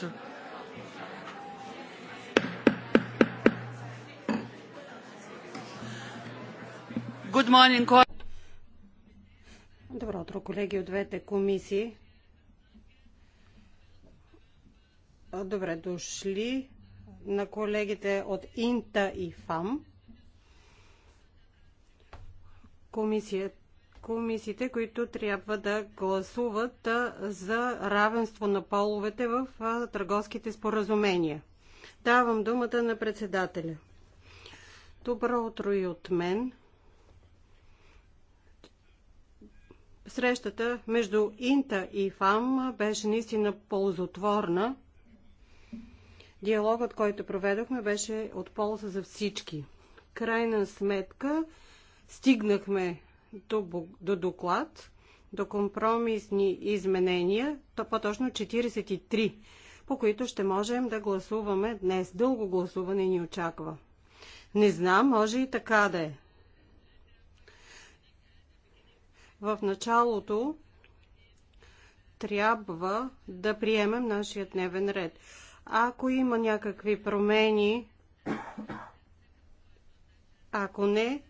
vote. Good morning. Добро утро, колеги от двете комисии. Добре дошли на колегите от Инта и ФАМ. Комисията комисиите, които трябва да гласуват за равенство на половете в търговските споразумения. Давам думата на председателя. Добро утро и от мен. Срещата между Инта и ФАМ беше наистина ползотворна. Диалогът, който проведохме, беше от полза за всички. Крайна сметка стигнахме до, доклад, до компромисни изменения, то по-точно 43, по които ще можем да гласуваме днес. Дълго гласуване ни очаква. Не знам, може и така да е. В началото трябва да приемем нашия дневен ред. Ако има някакви промени, ако не,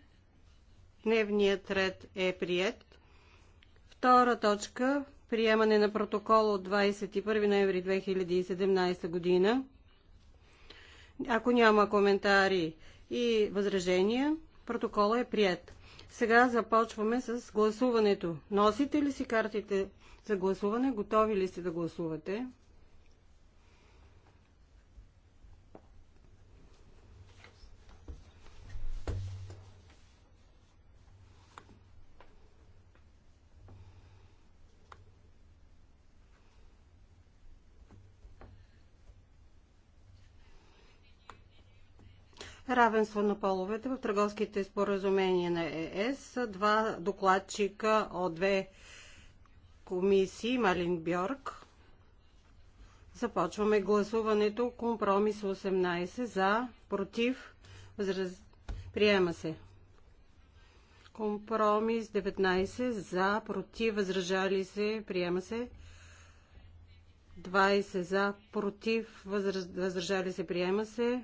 Дневният ред е прият. Втора точка – приемане на протокол от 21 ноември 2017 година. Ако няма коментари и възражения, протокола е прият. Сега започваме с гласуването. Носите ли си картите за гласуване? Готови ли сте да гласувате? равенство на половете в търговските споразумения на ЕС. Два докладчика от две комисии, Малин Бьорк. Започваме гласуването. Компромис 18 за, против, възраз... приема се. Компромис 19 за, против, възражали се, приема се. 20 за, против, възраз... възражали се, приема се.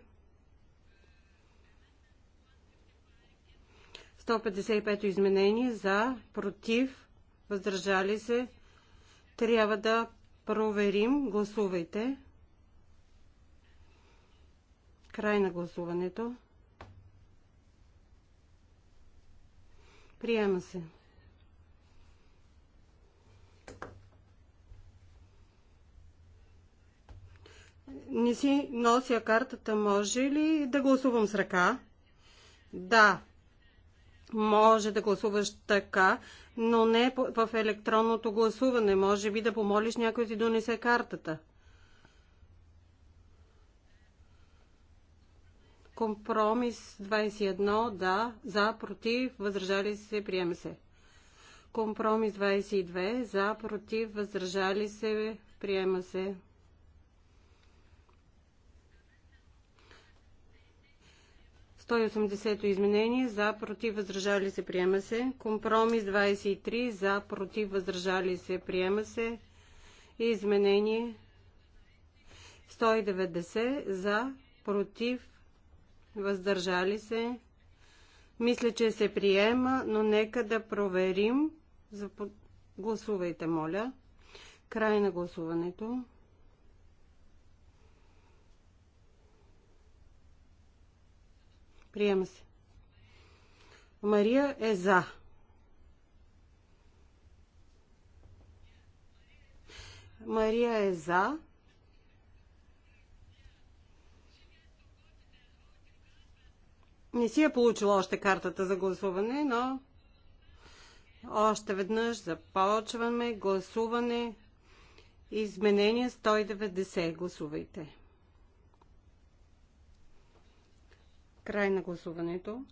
155 изменение за, против, въздържали се. Трябва да проверим. Гласувайте. Край на гласуването. Приема се. Не си нося картата, може ли да гласувам с ръка? Да, може да гласуваш така, но не в електронното гласуване. Може би да помолиш някой да ти донесе картата. Компромис 21, да, за, против, възражали се, приеме се. Компромис 22, за, против, възражали се, приема се. 180 изменение за против въздържали се приема се. Компромис 23 за против въздържали се приема се. И изменение 190 за против въздържали се. Мисля, че се приема, но нека да проверим. Гласувайте, моля. Край на гласуването. Приема се. Мария е за. Мария е за. Не си е получила още картата за гласуване, но още веднъж започваме гласуване. Изменение 190. Гласувайте. Край на гласуването.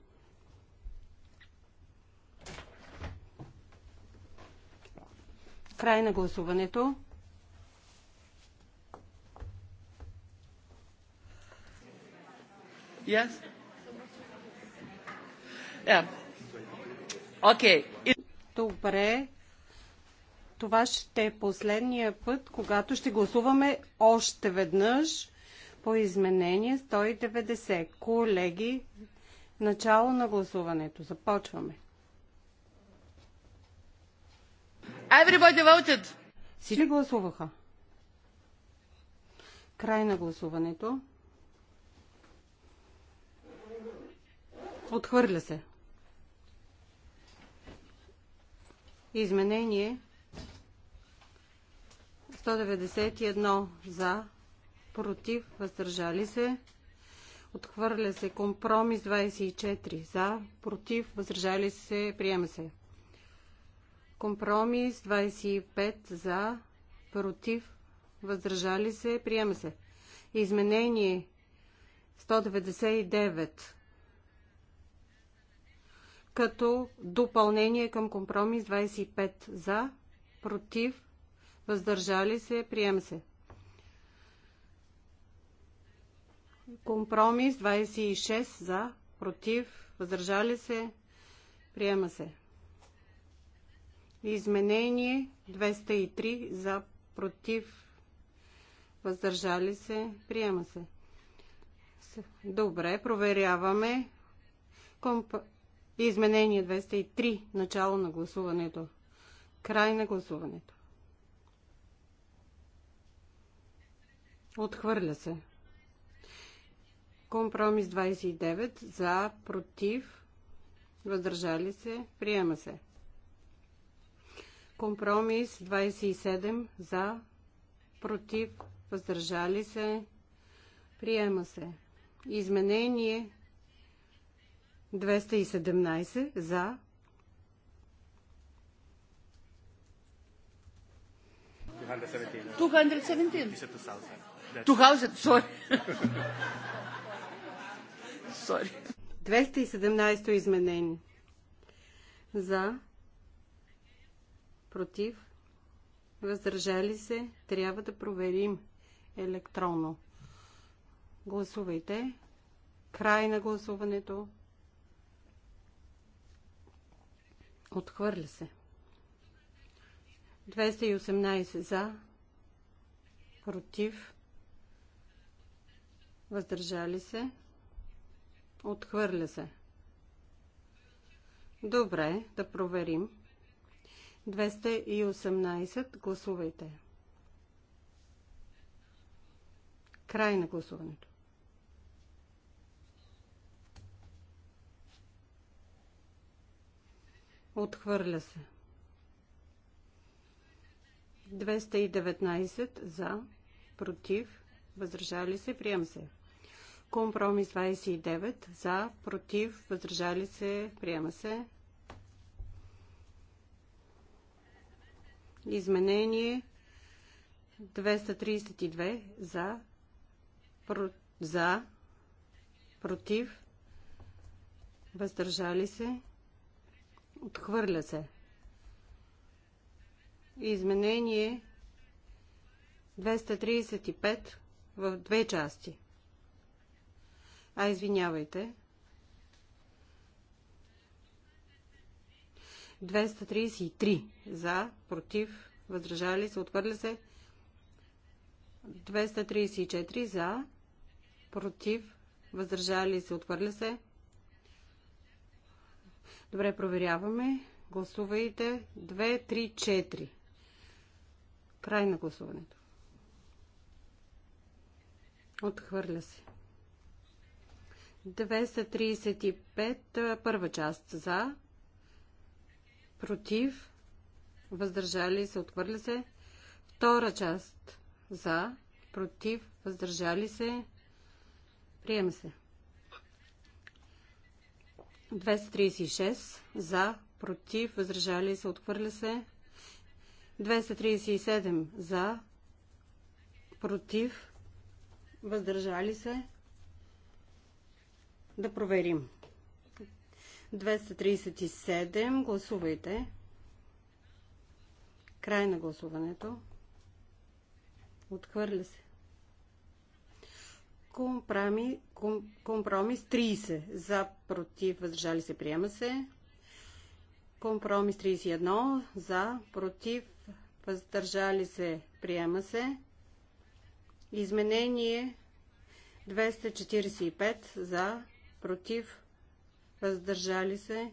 Край на гласуването. Yes? Yeah. Okay. Добре. Това ще е последния път, когато ще гласуваме още веднъж по изменение 190. Колеги, начало на гласуването. Започваме. Everybody voted. Всички гласуваха. Край на гласуването. Отхвърля се. Изменение 191 за, против, въздържали се. Отхвърля се компромис 24 за, против, въздържали се, приема се. Компромис 25 за, против, въздържали се, приема се. Изменение 199 като допълнение към компромис 25 за, против, въздържали се, приема се. Компромис 26 за, против, въздържали се, приема се. Изменение 203 за, против, въздържали се, приема се. Добре, проверяваме. Комп... Изменение 203, начало на гласуването. Край на гласуването. Отхвърля се. Компромис 29 за, против, въздържали се, приема се. Компромис 27 за, против, въздържали се, приема се. Изменение 217 за. Two hundred seventeen. Two hundred, sorry. Сори. 217 изменение. За. Против. Въздържали се. Трябва да проверим електронно. Гласувайте. Край на гласуването. Отхвърля се. 218 за. Против. Въздържали се. Отхвърля се. Добре, да проверим. 218. Гласувайте. Край на гласуването. Отхвърля се. 219 за, против, въздържали се, приема се. Компромис 29 за, против, въздържали се, приема се. Изменение 232 за, про, за, против, въздържали се, отхвърля се. Изменение 235 в две части. А, извинявайте. 233 за, против, въздържали се, отхвърля се. 234 за, против, въздържали се, отхвърля се. Добре, проверяваме. Гласувайте 2, 3, 4. Край на гласуването. Отхвърля се. 235, първа част за, против, въздържали се, отвърли се. Втора част за, против, въздържали се, приема се. 236 за, против, въздържали се, отвърли се. 237 за, против, въздържали се. Да проверим. 237. Гласувайте. Край на гласуването. Отхвърля се. ком, компромис 30. За, против, въздържали се, приема се. Компромис 31. За, против, въздържали се, приема се. Изменение 245 за, против, въздържали се.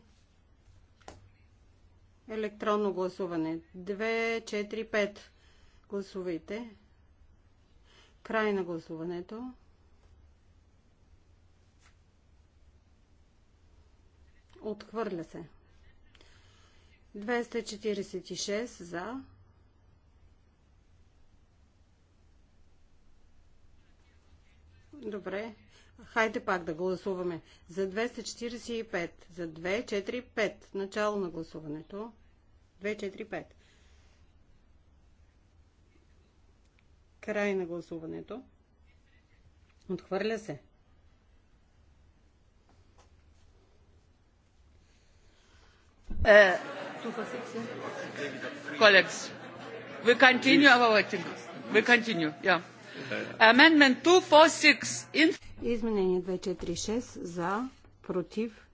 Електронно гласуване. 2, 4, 5. Гласувайте. Край на гласуването. Отхвърля се. 246 за. Добре. Хайде пак да гласуваме. За 245. За 245. Начало на гласуването. 245. Край на гласуването. Отхвърля се. Е, Колекс, we continue our voting. We continue, yeah. Amendment 246 in... Изменение 246 за, против,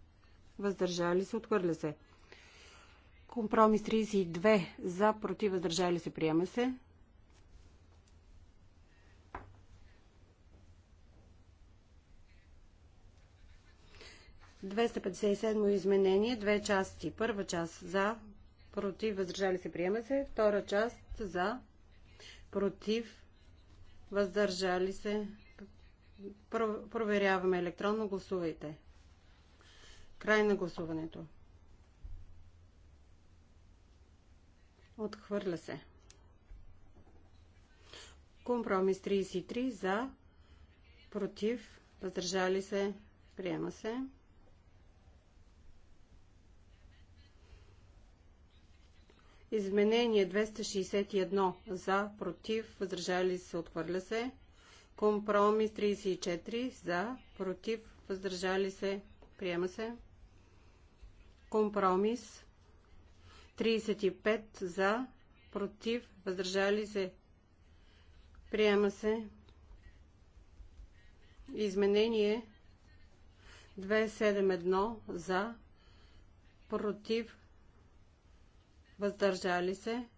въздържали се, отхвърля се. Компромис 32 за, против, въздържали се, приема се. Двеста изменение, две части. Първа част за, против, въздържали се, приема се. Втора част за, против, въздържали се, Проверяваме електронно. Гласувайте. Край на гласуването. Отхвърля се. Компромис 33 за, против, въздържали се, приема се. Изменение 261 за, против, въздържали се, отхвърля се. Компромис 34 за, против, въздържали се, приема се. Компромис 35 за, против, въздържали се, приема се. Изменение 271 за, против, въздържали се,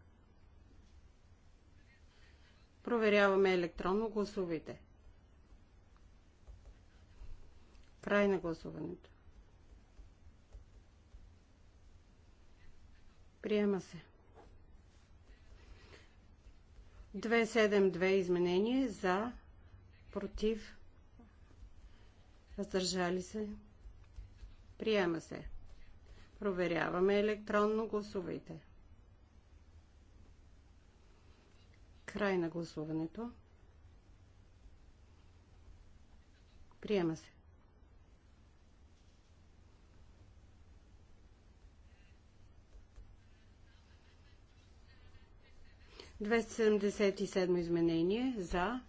Проверяваме електронно. Гласувайте. Край на гласуването. Приема се. 272 изменение за, против, въздържали се. Приема се. Проверяваме електронно. Гласувайте. Край на гласуването. Приема се. Двеста седмо изменение за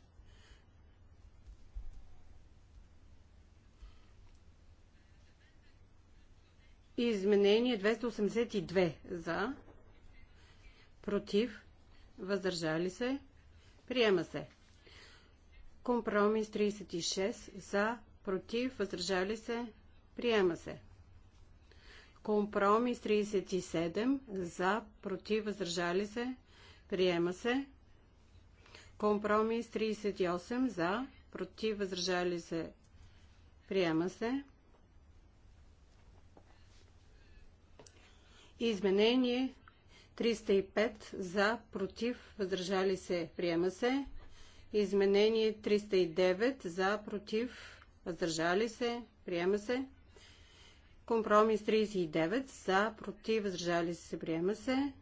и изменение 282 за против въздържали се, приема се. Компромис 36 за, против, въздържали се, приема се. Компромис 37 за, против, въздържали се, приема се. Компромис 38 за, против, въздържали се, приема се. Изменение 305 за, против, въздържали се, приема се. Изменение 309 за, против, въздържали се, приема се. Компромис 39 за, против, въздържали се, приема се.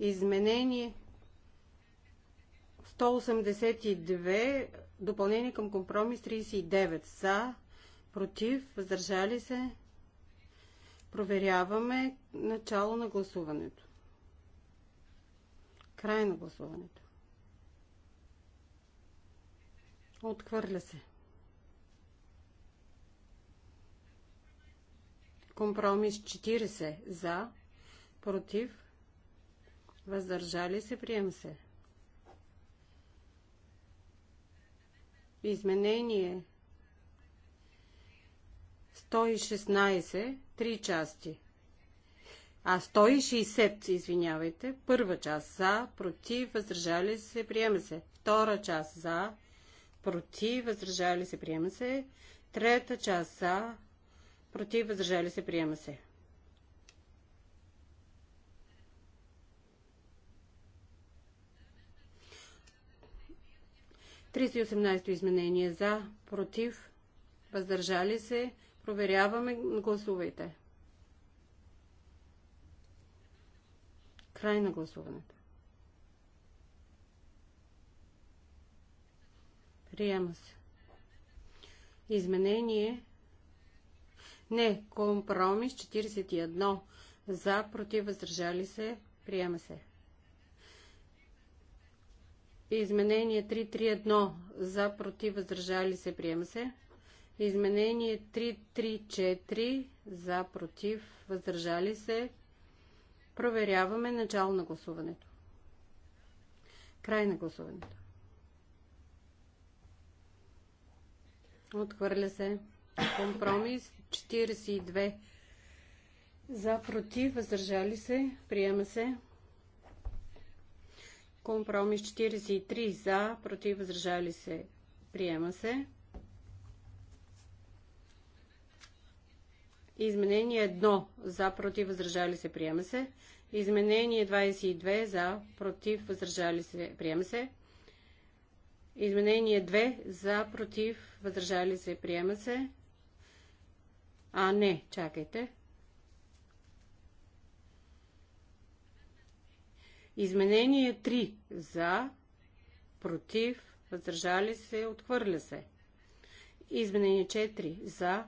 Изменение 182, допълнение към компромис 39 за, против, въздържали се, Проверяваме начало на гласуването. Край на гласуването. Отхвърля се. Компромис 40 за, против, въздържали се, прием се. Изменение 116 Три части. А 160, извинявайте. Първа част за, против, въздържали се, приема се. Втора част за, против, въздържали се, приема се. Трета част за, против, въздържали се, приема се. и изменение за, против, въздържали се, Проверяваме. Гласувайте. Край на гласуването. Приема се. Изменение. Не. Компромис 41. За, против, въздържали се. Приема се. Изменение 331. За, против, въздържали се. Приема се. Изменение 334 за, против, въздържали се. Проверяваме начало на гласуването. Край на гласуването. Отхвърля се. Компромис 42 за, против, въздържали се. Приема се. Компромис 43 за, против, въздържали се. Приема се. Изменение 1 за против въздържали се приема се. Изменение 22 за против въздържали се приема се. Изменение 2 за против въздържали се приема се. А не, чакайте. Изменение 3 за против въздържали се отхвърля се. Изменение 4 за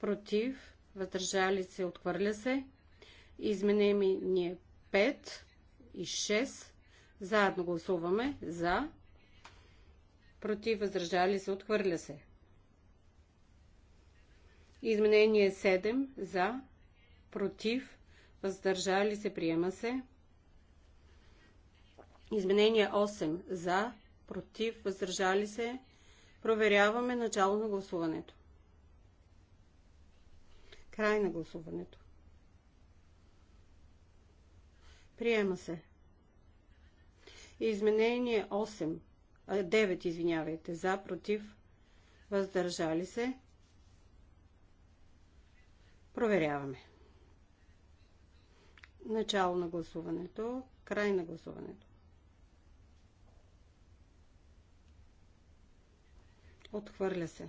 против, въздържали се, отхвърля се. Изменение 5 е и 6. Заедно гласуваме за, против, въздържали се, отхвърля се. Изменение 7 за, против, въздържали се, приема се. Изменение 8 за, против, въздържали се. Проверяваме начало на гласуването. Край на гласуването. Приема се. Изменение 8. 9, извинявайте. За, против, въздържали се. Проверяваме. Начало на гласуването, край на гласуването. Отхвърля се.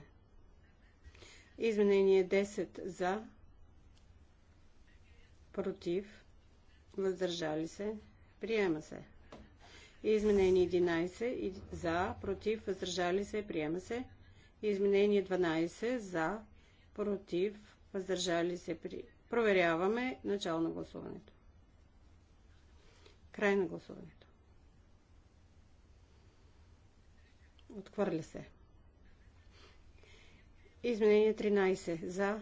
Изменение 10 за, против, въздържали се, приема се. Изменение 11 за, против, въздържали се, приема се. Изменение 12 за, против, въздържали се, при... проверяваме начало на гласуването. Край на гласуването. Отхвърля се. Изменение 13 за,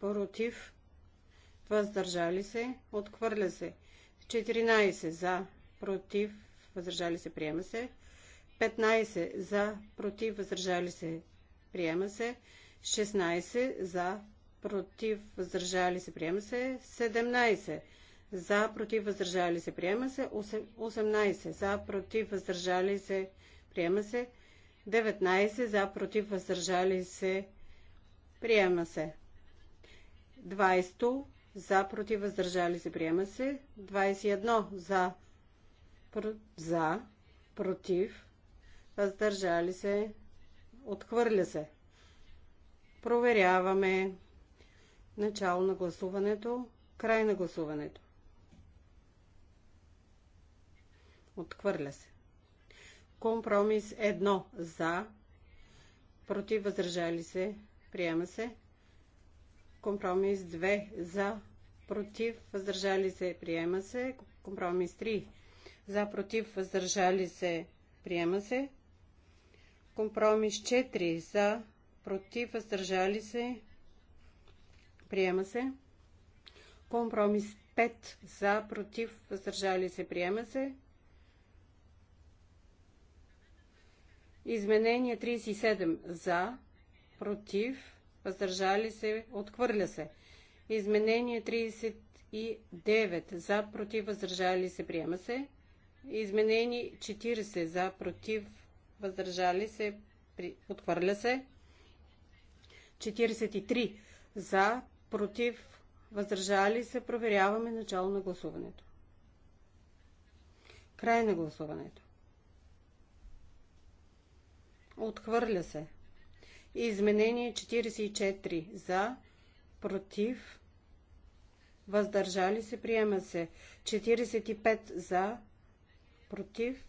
против, въздържали се, отхвърля се. 14 за, против, въздържали се, приема се. 15 за, против, въздържали се, приема се. 16 за, против, въздържали се, приема се. 17 за, против, въздържали се, приема се. 18 за, против, въздържали се, приема се. 19 за, против, въздържали се, приема се. 20 за, против, въздържали се, приема се. 21 за, пр- за, против, въздържали се, отхвърля се. Проверяваме начало на гласуването, край на гласуването. Отхвърля се. Компромис 1 за, против, въздържали се, приема се. Компромис 2 за, против, въздържали се, приема се. Компромис 3 за, против, въздържали се, приема се. Компромис 4 за, против, въздържали се, приема се. Компромис 5 за, против, въздържали се, приема се. Изменение 37 за, против, въздържали се, отхвърля се. Изменение 39 за, против, въздържали се, приема се. Изменение 40 за, против, въздържали се, при... отхвърля се. 43 за, против, въздържали се, проверяваме начало на гласуването. Край на гласуването. Отхвърля се. Изменение 44 за, против, въздържали се, приема се. 45 за, против,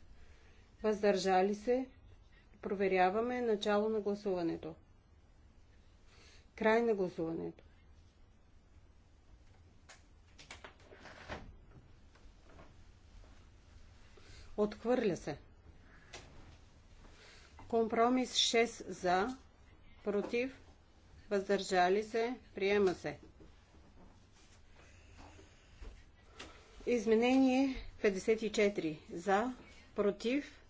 въздържали се. Проверяваме начало на гласуването. Край на гласуването. Отхвърля се. Компромис 6 за, против, въздържали се, приема се. Изменение 54. За, против,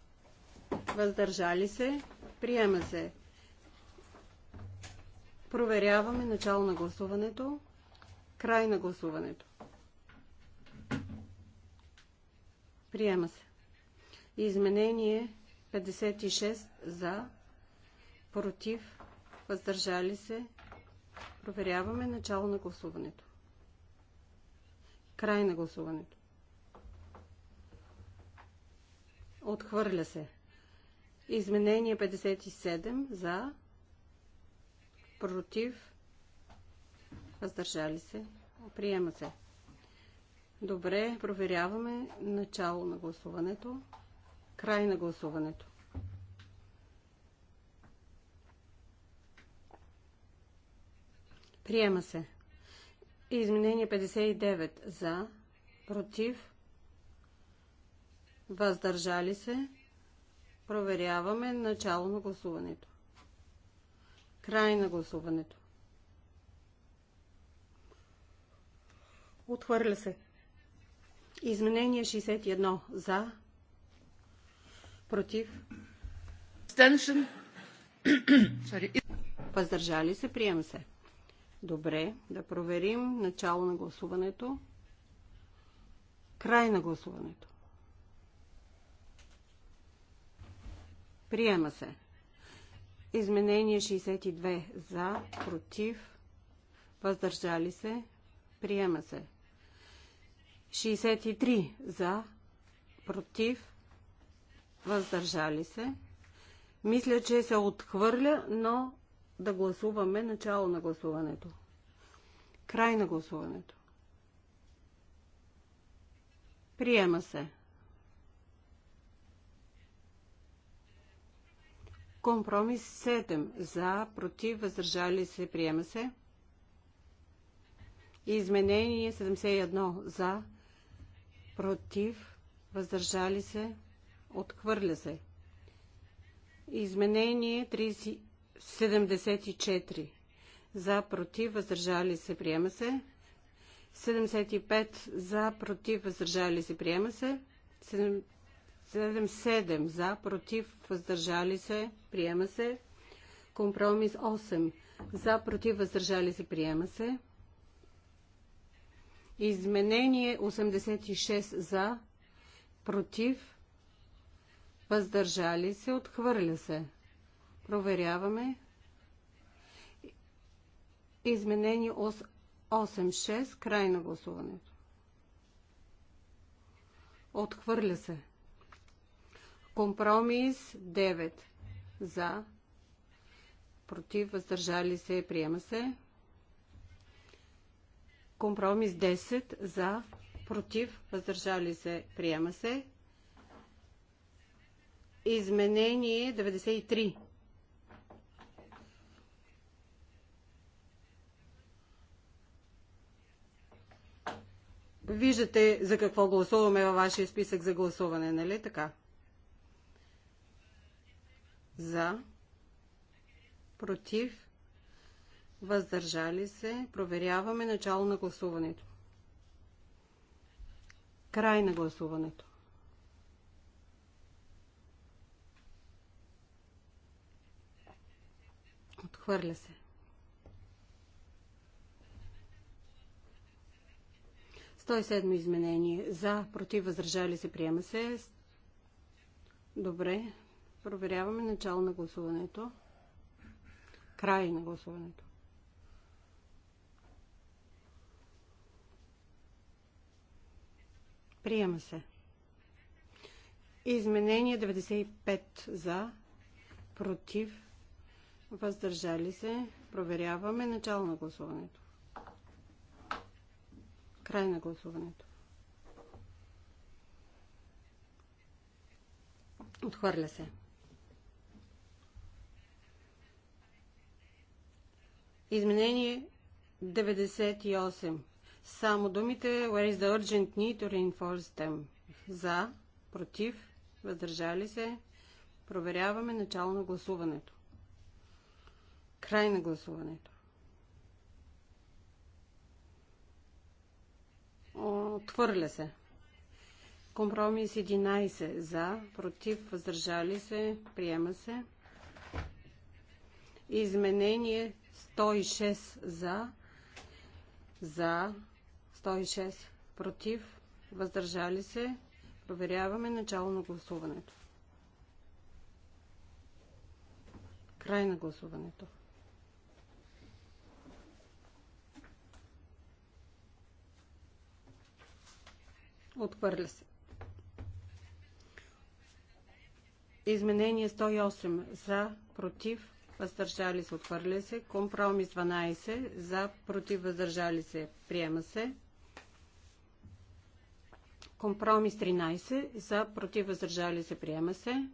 въздържали се, приема се. Проверяваме начало на гласуването, край на гласуването. Приема се. Изменение 56 за, против, въздържали се. Проверяваме начало на гласуването. Край на гласуването. Отхвърля се. Изменение 57 за, против, въздържали се, приема се. Добре, проверяваме начало на гласуването, край на гласуването. Приема се. Изменение 59 за, против, въздържали се. Проверяваме начало на гласуването. Край на гласуването. Отхвърля се. Изменение 61 за, против, въздържали се, приема се. Добре, да проверим начало на гласуването. Край на гласуването. Приема се. Изменение 62 за, против, въздържали се, приема се. 63 за, против, въздържали се. Мисля, че се отхвърля, но да гласуваме начало на гласуването. Край на гласуването. Приема се. Компромис 7. За, против, въздържали се, приема се. Изменение 71. За, против, въздържали се, отхвърля се. Изменение 74 за, против, въздържали се, приема се. 75 за, против, въздържали се, приема се. 77 за, против, въздържали се, приема се. Компромис 8 за, против, въздържали се, приема се. Изменение 86 за, против, въздържали се, отхвърля се. Проверяваме. Изменение 8.6. Край на гласуването. Отхвърля се. Компромис 9. За. Против. Въздържали се. Приема се. Компромис 10. За. Против. Въздържали се. Приема се. Изменение 93. Виждате за какво гласуваме във вашия списък за гласуване, нали така? За. Против. Въздържали се. Проверяваме начало на гласуването. Край на гласуването. Отхвърля се. 107 изменение. За, против, въздържали се, приема се. Добре. Проверяваме начало на гласуването. Край на гласуването. Приема се. Изменение 95 за, против, въздържали се. Проверяваме начало на гласуването. Край на гласуването. Отхвърля се. Изменение 98. Само думите Where is the urgent need to reinforce them? За, против, въздържали се. Проверяваме начало на гласуването. Край на гласуването. Отхвърля се. Компромис 11 за, против, въздържали се, приема се. Изменение 106 за, за, 106 против, въздържали се. Проверяваме начало на гласуването. Край на гласуването. Отхвърля се. Изменение 108. За, против, въздържали се, отхвърля се. Компромис 12. За, против, въздържали се, приема се. Компромис 13. За, против, въздържали се, приема се.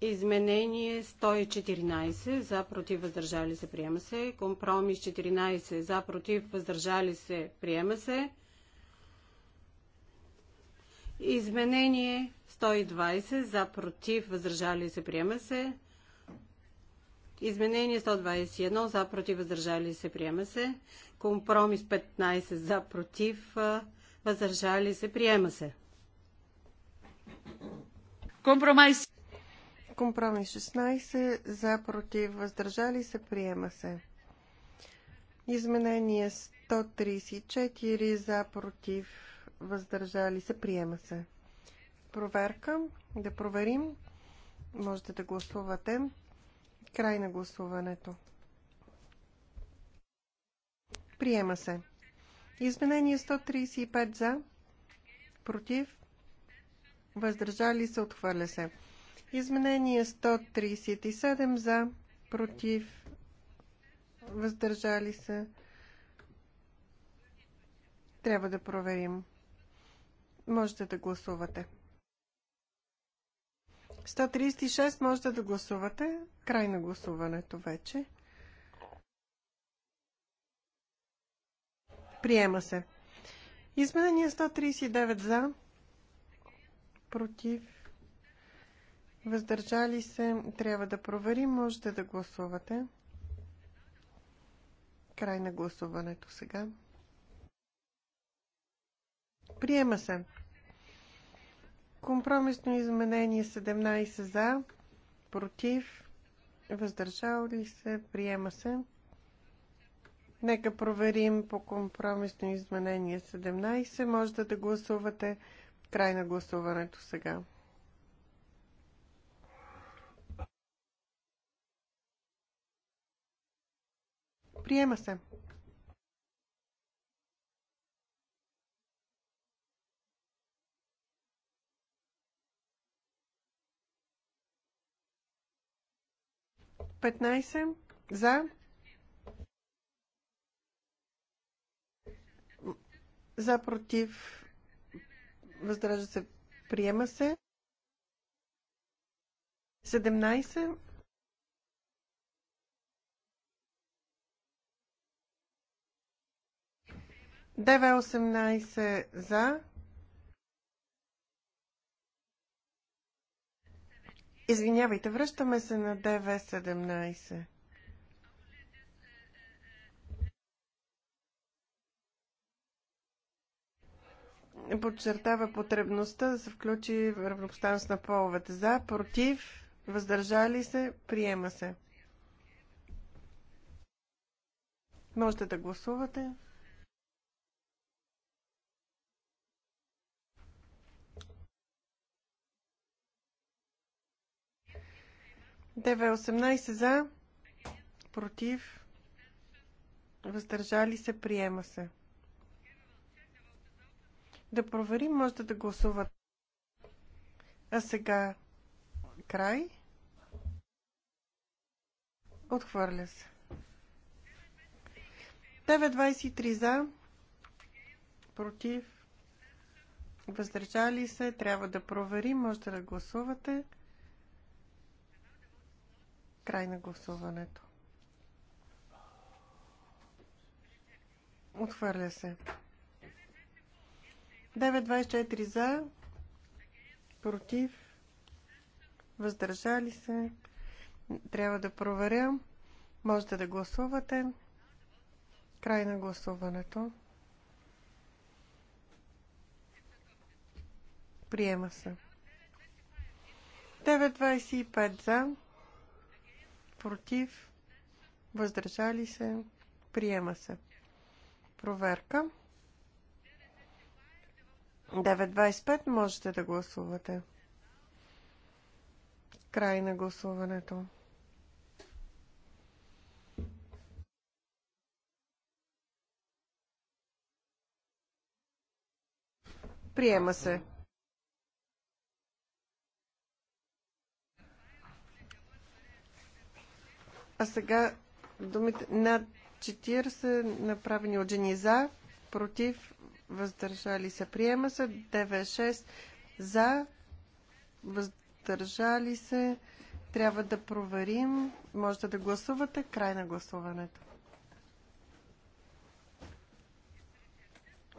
Изменение 114 за против въздържали се приема се. Компромис 14 за против въздържали се приема се. Изменение 120 за против, въздържали се, приема се. Изменение 121 за против, въздържали се, приема се. Компромис 15 за против, въздържали се, приема се. Компромис. Компромис 16 за против, въздържали се, приема се. Изменение 134 за против, въздържали се, приема се. Проверка, да проверим. Можете да гласувате. Край на гласуването. Приема се. Изменение 135 за, против, въздържали се, отхвърля се. Изменение 137 за, против, въздържали се. Трябва да проверим. Можете да гласувате. 136 можете да гласувате. Край на гласуването вече. Приема се. Изменение 139 за. Против. Въздържали се. Трябва да проверим. Можете да гласувате. Край на гласуването сега. Приема се. Компромисно изменение 17 за, против, въздържал ли се, приема се. Нека проверим по компромисно изменение 17. Можете да гласувате край на гласуването сега. Приема се. 15 за. За против. Въздържа се. Приема се. 17. ДВ 18 за. Извинявайте, връщаме се на ДВ-17. Подчертава потребността да се включи равнопоставеност на половете. За, против, въздържали се, приема се. Можете да гласувате. 9.18 за, против, въздържали се, приема се. Да проверим, можете да гласуват. А сега край. Отхвърля се. 9.23 за, против, въздържали се, трябва да проверим, можете да гласувате. Край на гласуването. Отхвърля се. 9.24 за, против, въздържали се. Трябва да проверя. Можете да гласувате. Край на гласуването. Приема се. 9.25 за, против, въздържали се, приема се. Проверка. 9.25 можете да гласувате. Край на гласуването. Приема се. А сега думите над 40 направени от жени за, против, въздържали се. Приема се 96 за, въздържали се. Трябва да проверим. Можете да гласувате. Край на гласуването.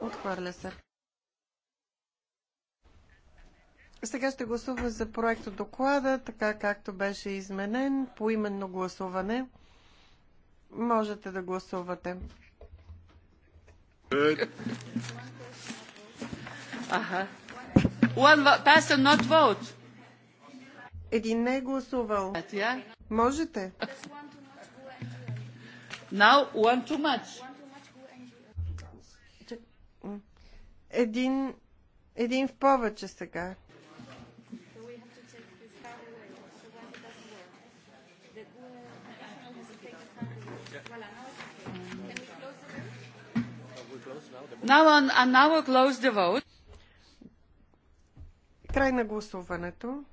Отхвърля се. Сега ще гласуваме за проекта доклада, така както беше изменен, по именно гласуване. Можете да гласувате. Аха. One person not vote. Един не е гласувал. Можете. Now one too much. Един, един в повече сега. Now Край на гласуването.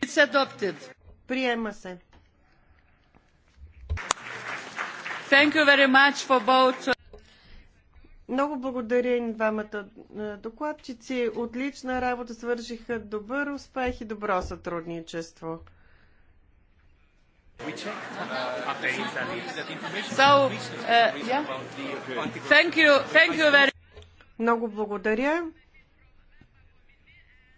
It's adopted. Приема се. Thank you very much for both. Много благодаря и двамата е, докладчици. Отлична работа свършиха. Добър успех и добро сътрудничество. We checked uh, that information so, uh, yeah. Thank you, thank you very Много благодаря.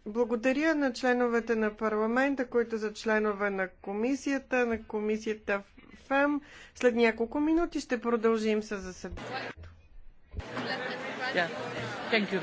Благодаря на членовете на парламента, които за членове на комисията, на комисията ФЕМ. След няколко минути ще продължим с заседанието. Yeah.